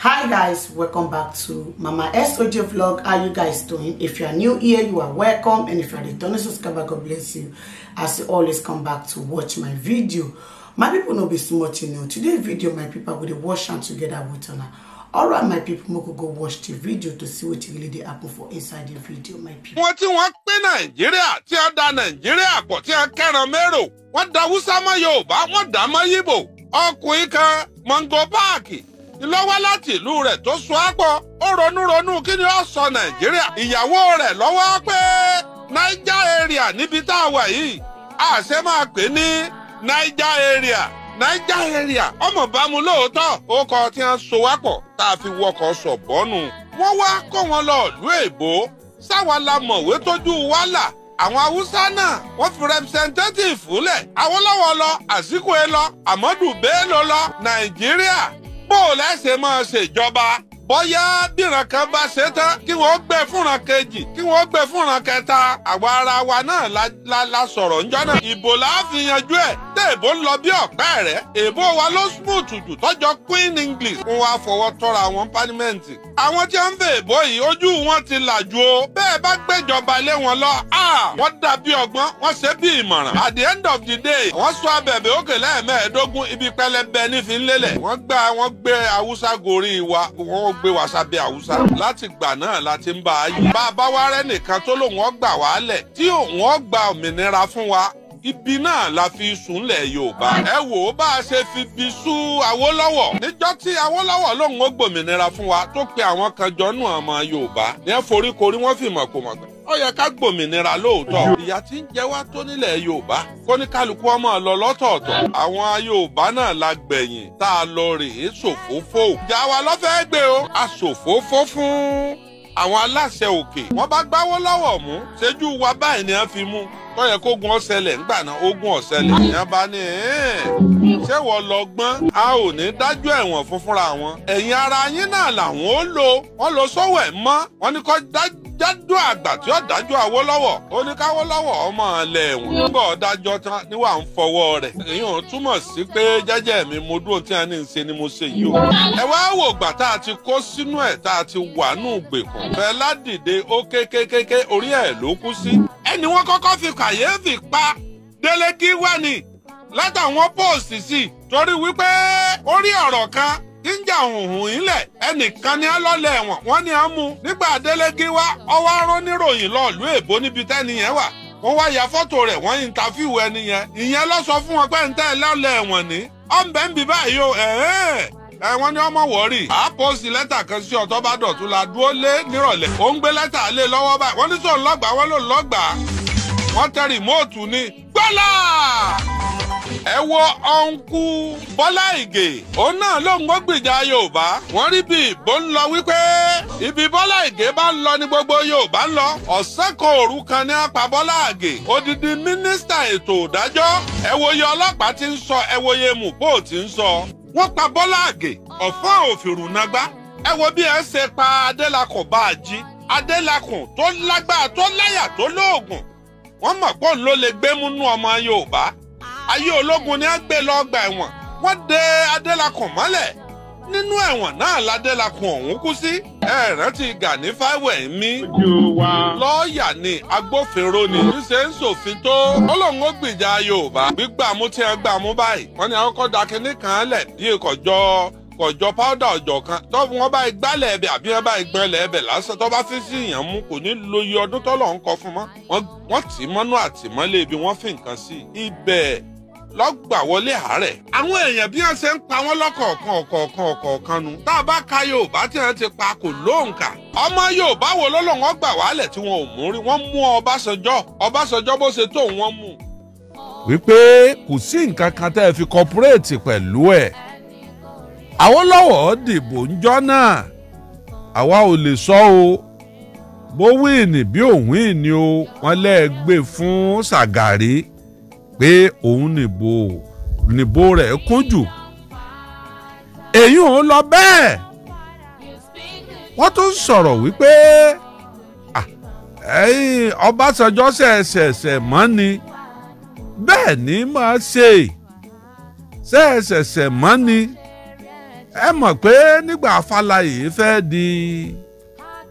hi guys welcome back to mama soj vlog how you guys doing if you are new here you are welcome and if you are returning subscriber god bless you as you always come back to watch my video my people know be small you know today video my people will dey watch together with una all right my people mo go go watch the video to see what really dey happen for inside the video my people. wọ́n you? wọ́n pín nàìjíríà tí wọ́n da nàìjíríà pọ̀ tí wọ́n kẹ́ran mẹ́rò wọ́n da húsámọ́ yorùbá wọ́n dà mọ́ yíbò ọkùnrin kan mọ̀ngọ́ páàkì lọ́wọ́ láti ìlú rẹ̀ tó sọ á ó ronúronú kí ni ó sọ nàìjíríà ìyàwó rẹ̀ lọ́wọ́ pé niger area níbi tá a wà yìí àṣẹ máa pè ní niger area niger area ọmọ bámu lóòótọ́ ọkọ̀ tí wọ́n so wá pọ̀ tá a fi wọkọ̀ sọ bọ́nu wọ́n wá kó wọn lọ ìlú èbó sáwa la mọ̀wé tójú wa àwọn haúsá náà wọ́n fi representative fúnlẹ̀ Awólọ́wọ̀ lọ Àsìkò ẹ lọ Amadu Bello lọ Nàìjíríà bó o lẹ́sẹ̀ máa ṣèjọba bóyá bíran kan bá ṣe tán kí wọ́n gbẹ fúnran kejì kí wọ́n gbẹ fúnran kẹta àwa ara wa náà la sọ̀rọ̀ njọ́ náà. ìbò la fi yanjú ẹ̀ tẹ́ èbó ń lọ bí ọ̀pẹ́ rẹ̀ èbó wa ló smooth jù tọ́jọ́ Queen English. wọ́n wá fọwọ́ tọ́ra àwọn pálímẹ́ǹtì. àwọn tí wọ́n ń fẹ́ èbó yìí ojú wọn ti là ju o. bẹ́ẹ̀ bá gbẹ́jọba lé wọn lọ wọ́n dà bí ọgbọ́n wọ́n ṣe bí ìmọ̀ràn. at the end of the day wọ́n sọ abẹ̀bẹ̀ òkè lẹ́ẹ̀mẹ́ẹ̀ẹ́dógún ibi pẹlẹbẹ nífi ń lélẹ̀. wọ́n gbà wọ́n gbé haúsá gorí wa wọ́n gbé wa sábẹ́ haúsá láti gbà náà la ti ń bá a yìí. bá a bá wá rẹ́ nìkan tó lòun ó gbà wá lẹ̀ tí òun ó gba òmìnira fún wa ibi náà la fi sùnlẹ̀ yorùbá. ẹ wò ó bá a ṣe fi bi sú awólọ́wọ̀. níjọ́ tí awólọ́wọ̀ lòun ó gbòmìnira fún wa tó pe àwọn kan jọ nù ọmọ yorùbá. ní ẹ forí korí wọ́n fìmọ̀ kò mọ̀gbẹ́ ó yẹ ká gbòmìnira lóòótọ́ ìyà tí ń jẹ wá tó nílẹ̀ yorùbá kó ní kálukú ọmọ lọ lọ́tọ̀ọ̀tọ̀ àwọn yorùbá náà la gbẹ̀yìn tá a lọ rèé ṣòfófó ìjà wa lọ́fẹ́ gbé o a ṣòfófó fún àwọn aláṣẹ òkè wọ́n bá gbáwó lọ́wọ́ mú ṣẹ́jú wa báyìí ni wọ́n fi mú tó yẹ kógun ọ̀sẹ̀lẹ̀ ńgbà náà ogun ọ̀sẹ̀lẹ̀ ìyẹn bá ní ṣé wọ́n lọ gbọ́n a ò ní dájú ẹ̀wọ̀n fún fúnra wọn ẹ̀yin ara yín náà làwọn ó lò wọ́n lọ sọ́wọ́ ẹ̀ mọ́ wọ́n ní kó dájú jádùn àgbà tí ó dájọ́ Awólọ́wọ̀ ó ní káwọ́lọ́wọ̀ ọmọ ilẹ̀ ẹ̀wọ̀n nígbà ọ̀dájọ́ tán níwà ń fọwọ́ rẹ̀ èyí ò túmọ̀ sí pé jẹ́jẹ́ mi mo dúró tí a ní í ṣe ni mo ṣe yìí o. ẹ wá wò gbà tá a ti kó sínú ẹ̀ tá a ti wà nù gbèkùn Fẹlá dìde ó kékékéké orí ẹ̀ ló kú sí. ẹni wọn kọ́kọ́ fi kàyéfì pa Délé Kiwani látàwọn póòsì sí torí wípé ó ọ̀rọ̀ kan jíjà òhùn ilẹ̀ ẹnìkan ni á lọ́lẹ̀ ẹ̀wọ̀n wọ́n ní á nígbà Adeleke wá ọwọ́ arán níròyìn lọ́ọ̀lú èbó níbi tẹ́ni yẹn wà wọ́n wá ya fọ́tò rẹ̀ wọ́n intafiw ẹni yẹn ìyẹn lọ sọ fún wọn pé ń tẹ́ lọ́lẹ̀ ẹ̀wọ̀n ní ọ̀nbẹ́ ń bì báyìí o ẹ wọ́n ní ọmọ wọ̀ọ́rì á pọ́sì lẹ́tà kan sí ọ̀tọ́ bá dọ̀tún la dúró lé nírọ̀lẹ́ ó ń gbé lẹ́tà lé lọ́wọ́ báyìí wọ́n ní sóun lọ́gbàá wọ́n lòun lọ́gbàá wọ́n tẹ rìmóòtù ni gbọ́là ẹ wo ọ̀nkú bọ́lá ìgè òun náà ló ń gbógbìjà yorùbá wọ́n rí bí ìbò ń lọ wípé ibi bọ́lá ìgè bá ń lọ ní gbogbo yorùbá ń lọ ọ̀sẹ̀ kan òru kan ní apá bọ́lá àgè odidi mínísítà ètò ìdájọ́ ẹ wòye ọlọ́pàá ti ń sọ ẹ wòye mùpó ti ń sọ wọ́n pa bọ́lá àgè ọ̀fọ́ òfìrù ẹ wo bí ẹ ṣe pa adélakùn bá a jí adélakùn tó lágbára tó láyà tó lóògùn wọ́n mọ̀ pọ́n ló lè gbé múnú ọmọ Yorùbá ayé ológun ni a gbé lọ ọgbà ẹ̀wọ̀n wọ́n dé Adélakùn mọ́lẹ̀ nínú ẹ̀wọ̀n náà ládélakùn ọ̀hún kú sí. ẹ rántí Gani Fáwẹ̀ mi. lọ́ọ̀yà ni agbófinró ni. ń ṣe ń ṣòfin tó. ọlọ́run ó gbìjà Yorùbá. gbígbàmú tí wọ́n gbàmú báyìí. wọ́n ní àwọn kọ́ da kinní kan lẹ̀ bí ìkọ̀jọ́ kọjọ páúdà ọjọ́ kan tó wọn bá gbálẹ̀ ẹbẹ̀ àbí wọn bá gbọn lẹ́ẹ̀bẹ̀ lásán tó bá sísí èèyàn mú kò ní lo iye ọdún tọ́lọ̀ ń kọ fún mọ́ wọ́n tì í mọ́nú àtìmọ́lé ibi wọ́n fi nǹkan sí ibẹ̀ lọ́gbà wọlé àárẹ̀. àwọn èèyàn bí wọ́n ṣe ń pa wọ́n lọ́kọ̀ọ̀kan ọ̀kọ̀ọ̀kan ọ̀kọ̀ọ̀kan nu. tá a bá ka yorùbá tí wọ́n ti pa kò lóǹkà. ọmọ yorùbá wo ló lòun ọgbà wálẹ̀ tí wọn ò mú rí wọ́n mú ọbásanjọ́ ọbásanjọ́ bó ṣe tó wọ́n mú. wípé kò sí nǹkan kan tẹ́ ẹ fi kọpúrẹ́ẹ̀tì pẹ̀lú ẹ̀ awolowo dìbò njo náà àwa ò lè sọ o bó wíìnì bí òun ìní o wọ́n lẹ́ẹ̀gbẹ́ fún Ṣàgàrí pé òun nìbò nìbò rẹ̀ kún jù èyí òun lọ bẹ́ẹ̀ wọ́n tún sọ̀rọ̀ wípé mọ́ ni bẹ́ẹ̀ ni máa ṣe ṣẹ̀ṣẹ̀ṣẹ̀ mọ́ ni. ẹ mọ̀ pé nígbà Afálayè fẹ́ di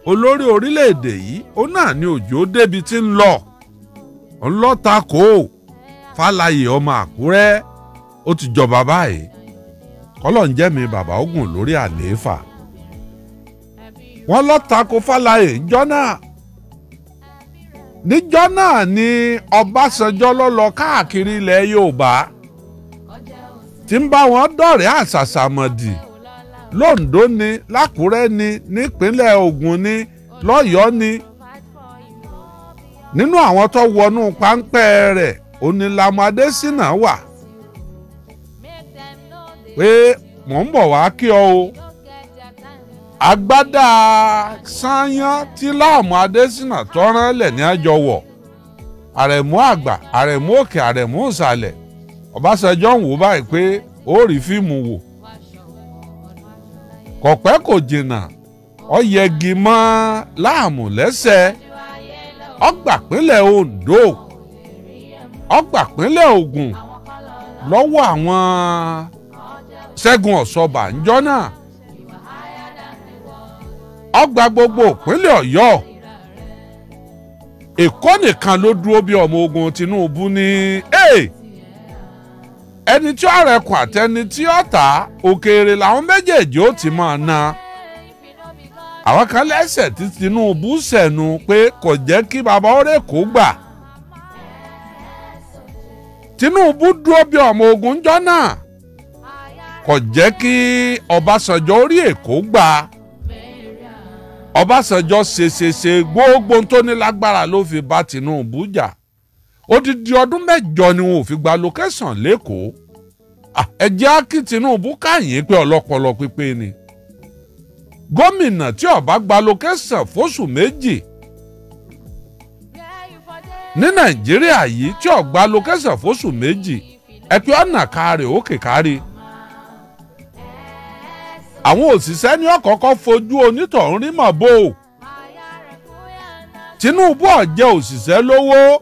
olórí orílẹ̀-èdè yìí òun náà ni òjò débi ti ń lọ ń lọ kó f'alaye ọmọ Àkúrẹ́ ó ti jọba báyìí kọ́lọ̀ jẹ́ mi bàbá ogun lórí àlééfà wọ́n lọ ta ko Fálayè náà náà ni Ọbásanjọ́ ló lọ londo ni lákùrẹ́ ni nípínlẹ̀ ogun ni lọyọ ni nínú àwọn tó wọnú páńpẹ́ rẹ̀ onílàmú Adésínà wà pé mò ń bọ̀ wá kí ọ o agbada sányán tí láàmú Adésínà tọ́rán lẹ̀ ní àjọ wọ̀ aremu àgbà aremu òkè àrẹ̀mú ìsàlẹ̀ Ọbásanjọ́ ń wò báyìí pé ó rí fíìmù wò kọ̀pẹ́ kò jìnnà ọ yẹgi mọ́ láàmú lẹ́sẹ̀ ó Ondo ó gbàpínlẹ̀ Ògùn lọ́wọ́ àwọn Ṣẹ́gun Ọ̀ṣọ́bà ńjọ́ náà ọgbà gbogbo ìpínlẹ̀ Ọ̀yọ́ Èkó nìkan ló dúró bí ọmọ ogun Tinubu ní. Hey! ẹni tí ó rẹkùn àtẹni tí ó tà òkèèrè làwọn méjèèjì ó ti máa na àwọn kan lẹ́sẹ̀ tí Tinubu sẹ̀nu pé kò jẹ́ kí bàbá ọ̀rẹ́ kó gbà Tinubu dúró bí ọmọ ogun jọ náà kò jẹ́ kí Ọbásanjọ́ orí Èkó gbà Ọbásanjọ́ ṣèṣèṣe gbogbo tó ní lágbára ló fi bá Tinubu jà. Ja. odidi ọdún mẹjọ ni wọn ò fi gba location lẹ́kọ̀ọ́ ẹ̀jẹ̀ ákí Tinubu káyìn pé ọlọpọlọ pípé ni gómìnà tí ọba gba location fóṣù méjì ní Nàìjíríà yìí tí ó gba location fóṣù méjì ẹ̀pẹ́ ọ̀nà kárì òkè kárì àwọn òṣìṣẹ́ ní ọ̀kọ̀ọ̀kan fojú onítọ̀hún rí mọ̀ bò Tinubu ó jẹ òṣìṣẹ́ lówó.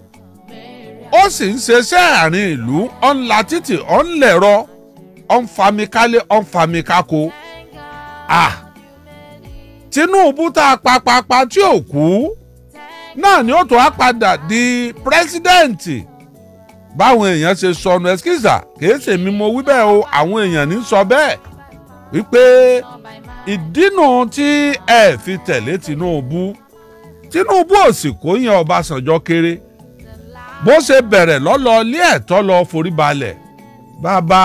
ó sì ń ṣeṣẹ́ àárín ìlú ọ̀nla títì ọ̀nlẹ̀rọ ọ̀nfamikálé ọ̀nfamikako ah Tinubu tá a pa papa tí ò kú náà ni ó tó á padà di pírẹsidẹ́ǹtì báwọn èèyàn ṣe sọnù ẹskíza kìí ṣe mi mo wí bẹ́ẹ̀ o àwọn èèyàn ní sọ bẹ́ẹ̀ wípé ìdínà tí ẹ fi tẹ̀lé Tinubu Tinubu ò sì kó yẹn Ọbásanjọ́ kéré bó ṣe bẹ̀rẹ̀ lọ́lọ́ ilé ẹ̀tọ́ lọ forí balẹ̀ bàbá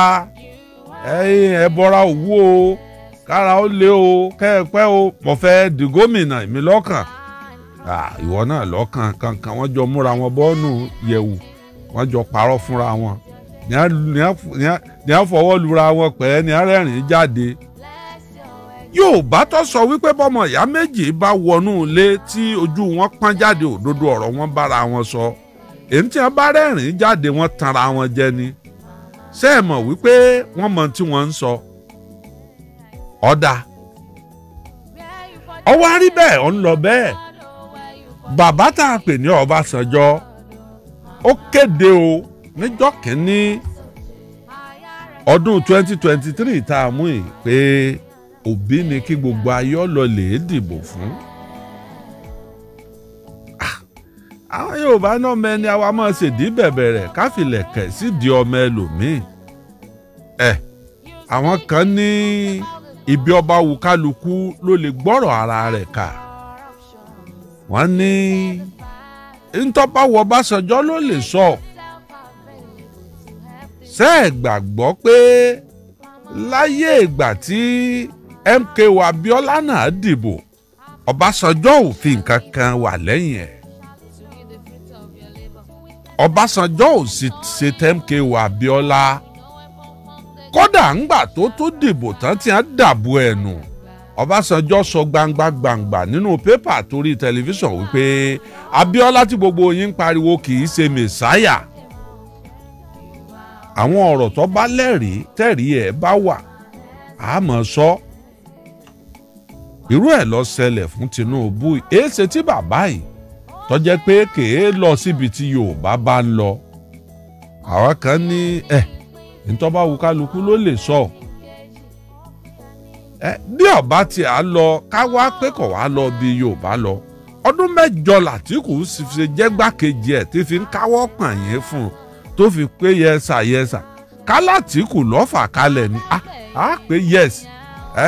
ẹ̀yin ẹ bọra òwú o kára ó lé o kẹ́ẹ̀pẹ́ o mo fẹ́ di gómìnà mi lọ́kàn ìwọ náà lọ́kàn kankan wọ́n jọ múra wọn bọ́ọ̀nù yẹ̀wù wọ́n jọ parọ́ fúnra wọn ní a fọwọ́ lura wọn pẹ́ ní a rẹ́rìn jáde Yorùbá tó sọ wípé bọ́mọ ìyá méjì bá wọnú ilé tí ojú wọn pọ́n jáde òdodo ọ̀rọ̀ wọn bára wọn sọ. So èyí tí wọ́n bá rẹ́rìn jáde wọ́n tanra wọn jẹ ni ṣé ẹ mọ̀ wípé wọ́n mọ tí wọ́n ń sọ ọ̀dà ọwọ́ á rí bẹ́ẹ̀ ọ̀ ń lọ bẹ́ẹ̀ bàbá tá a pè ní Ọbásanjọ́ ó kéde o níjọ́ kínní ọdún 2023 tá a mú yìí pé òbí ni kí gbogbo ayọ́ lọ dìbò fún. àwọn yorùbá náà mẹni àwa máa ṣèdí bẹ̀bẹ̀ rẹ̀ káfílẹ̀kẹ̀ sídìí ọmọ ẹlòmíì ẹ àwọn kan ní ibi ọba wù kálukú ló lè gbọ́rọ̀ ara rẹ̀ kà wọ́n ní ntọ́pá wọ ló lè sọ ṣé ẹ gbàgbọ́ pé láyé ìgbà tí MKO Abíọ́lá náà dìbò Ọbásanjọ́ ò fi wà lẹ́yìn ẹ̀. Ọbásanjọ́ ò sì ṣe tẹ́mkẹ́wò Abíọ́lá kódà ńgbà tó tó dìbò tán ti hàn dàbò ẹ̀ nù Ọbásanjọ́ sọ gbangba gbangba nínú pépà torí tẹlifíṣàn wípé Abíọ́lá tí gbogbo yín ń pariwo kì í ṣe mẹ̀sáyà àwọn ọ̀rọ̀ tó bá lẹ́rìí tẹ̀rí ẹ̀ bá wà á mọ̀ sọ irú ẹ̀ ló ṣẹlẹ̀ fún Tinubu èé ṣe tí bàbá yìí tó jẹ́ pé kèé lọ síbi tí Yorùbá bá ń lọ àwọn kan ní ẹ ntọ́ba wù kálukú ló lè sọ ẹ bí ọba tí a lọ ká wá pé kò wá lọ bí Yorùbá lọ ọdún mẹ́jọ làtìkù ṣe jẹ́ gbàkejì ẹ̀ tí fi ń káwọ́ pọ̀n yẹn fún un tó fi pé yẹsà yẹsà kálátìkù lọ́fà kalẹ̀ ni a pé yẹs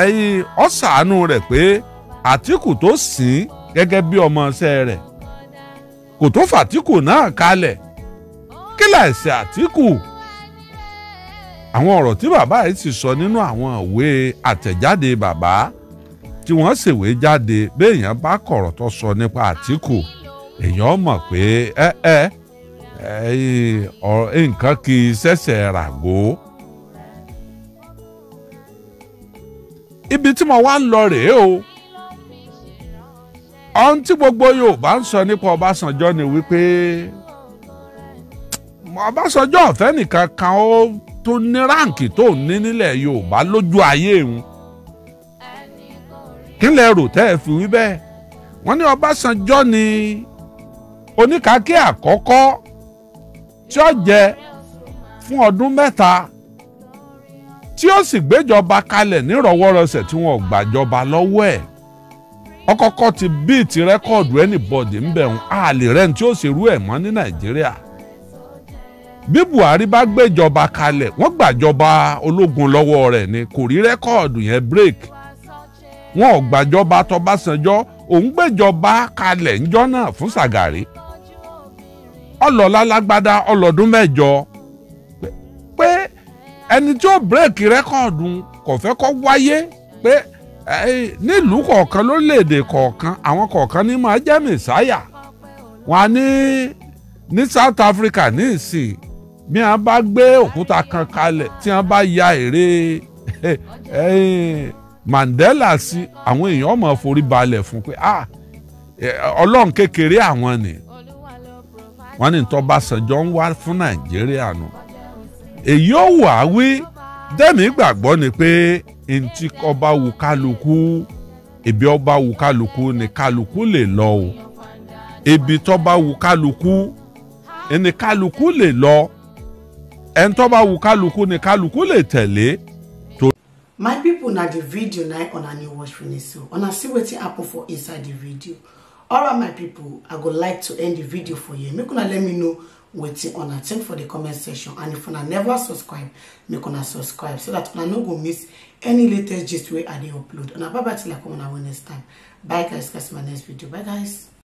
ẹ̀yin ọ̀sàánú rẹ̀ pé Àtìkù tó sìn gẹ́gẹ́ bí ọmọ rẹ̀ kò tó fàtíkù náà kalẹ̀ kílẹ̀sì àtíkù àwọn ọ̀rọ̀ tí bàbá yìí ti sọ nínú àwọn ìwé àtẹ̀jáde bàbá tí wọ́n ṣèwé jáde béèyàn bá kọ̀rọ̀ tó sọ nípa àtíkù èèyàn mọ̀ pé ẹ ẹ nǹkan kì í ṣẹ̀ṣẹ̀ ràgó. ibi tí mo wá ń lọ rèé o ohun tí gbogbo Yorùbá ń sọ nípa Ọbásanjọ́ ni wípé Ọbásanjọ́ ọ̀fẹ́ nìkan kan ó tún ní ráǹkì tó ní nílẹ̀ Yorùbá lójú ayé òun kílẹ̀ rò tẹ́ ẹ fi wí bẹ́ẹ̀ wọ́n ní Ọbásanjọ́ ni oníkàkí àkọ́kọ́ tí ó jẹ fún ọdún mẹ́ta tí ó sì gbéjọba kalẹ̀ nírọ̀wọ́rọsẹ̀ tí wọ́n gbàjọba lọ́wọ́ ẹ̀. ọkọkọ ti bíìtì rẹ́kọ̀dù ẹnìbọ̀dì ń bẹ̀rùn àlè rẹ̀ tí ó ṣerú ẹ̀ mọ́ ní nàìjíríà bí buhari bá gbéjọba kalẹ̀ wọ́n gbàjọba ológun lọ́wọ́ rẹ̀ ni kò rí rẹ́kọ̀dù yẹn break wọn ò gbàjọba tọbásanjọ́ òun gbéjọba kalẹ̀ ńjọ́ náà fún sàgàrí ọlọ́lá lágbádá ọlọ́dún mẹ́jọ pé ẹni tí ó break rẹ́kọ̀dù kò fẹ́ kó wáyé pé nílùú kọ̀ọ̀kan lórílẹ̀‐èdè kọ̀ọ̀kan àwọn kọ̀ọ̀kan ní máa jẹ́ mẹ̀sáyà wọn a ní South Africa ní ìsìn bí wọn bá gbé òkúta kan kalẹ̀ tí wọn bá ya èrè Mandela sí àwọn èèyàn ọmọ forí balẹ̀ fún pé ah, ọlọ́run kékeré àwọn ni ní tó bá fún nàìjíríà nù èyí ó wà wí dẹ́mi gbàgbọ́ ni pé ntí ọba wù kálukú ibi ọba wù kálukú ni kálukú lè lọ o ibi tọba wù kálukú ni kálukú lè lọ ẹni tọba wù kálukú ni kálukú lè tẹ̀lé. my pipo na di video na una new watch finish so una see wetin happen for inside di video alright my pipo i go like to end di video for here make una let me know wetin una think for the comment section and if una never subscribe make una subscribe so that una no go miss any latest gist wey i dey upload una bye bye till i come una next time bye guys guys my next video bye guys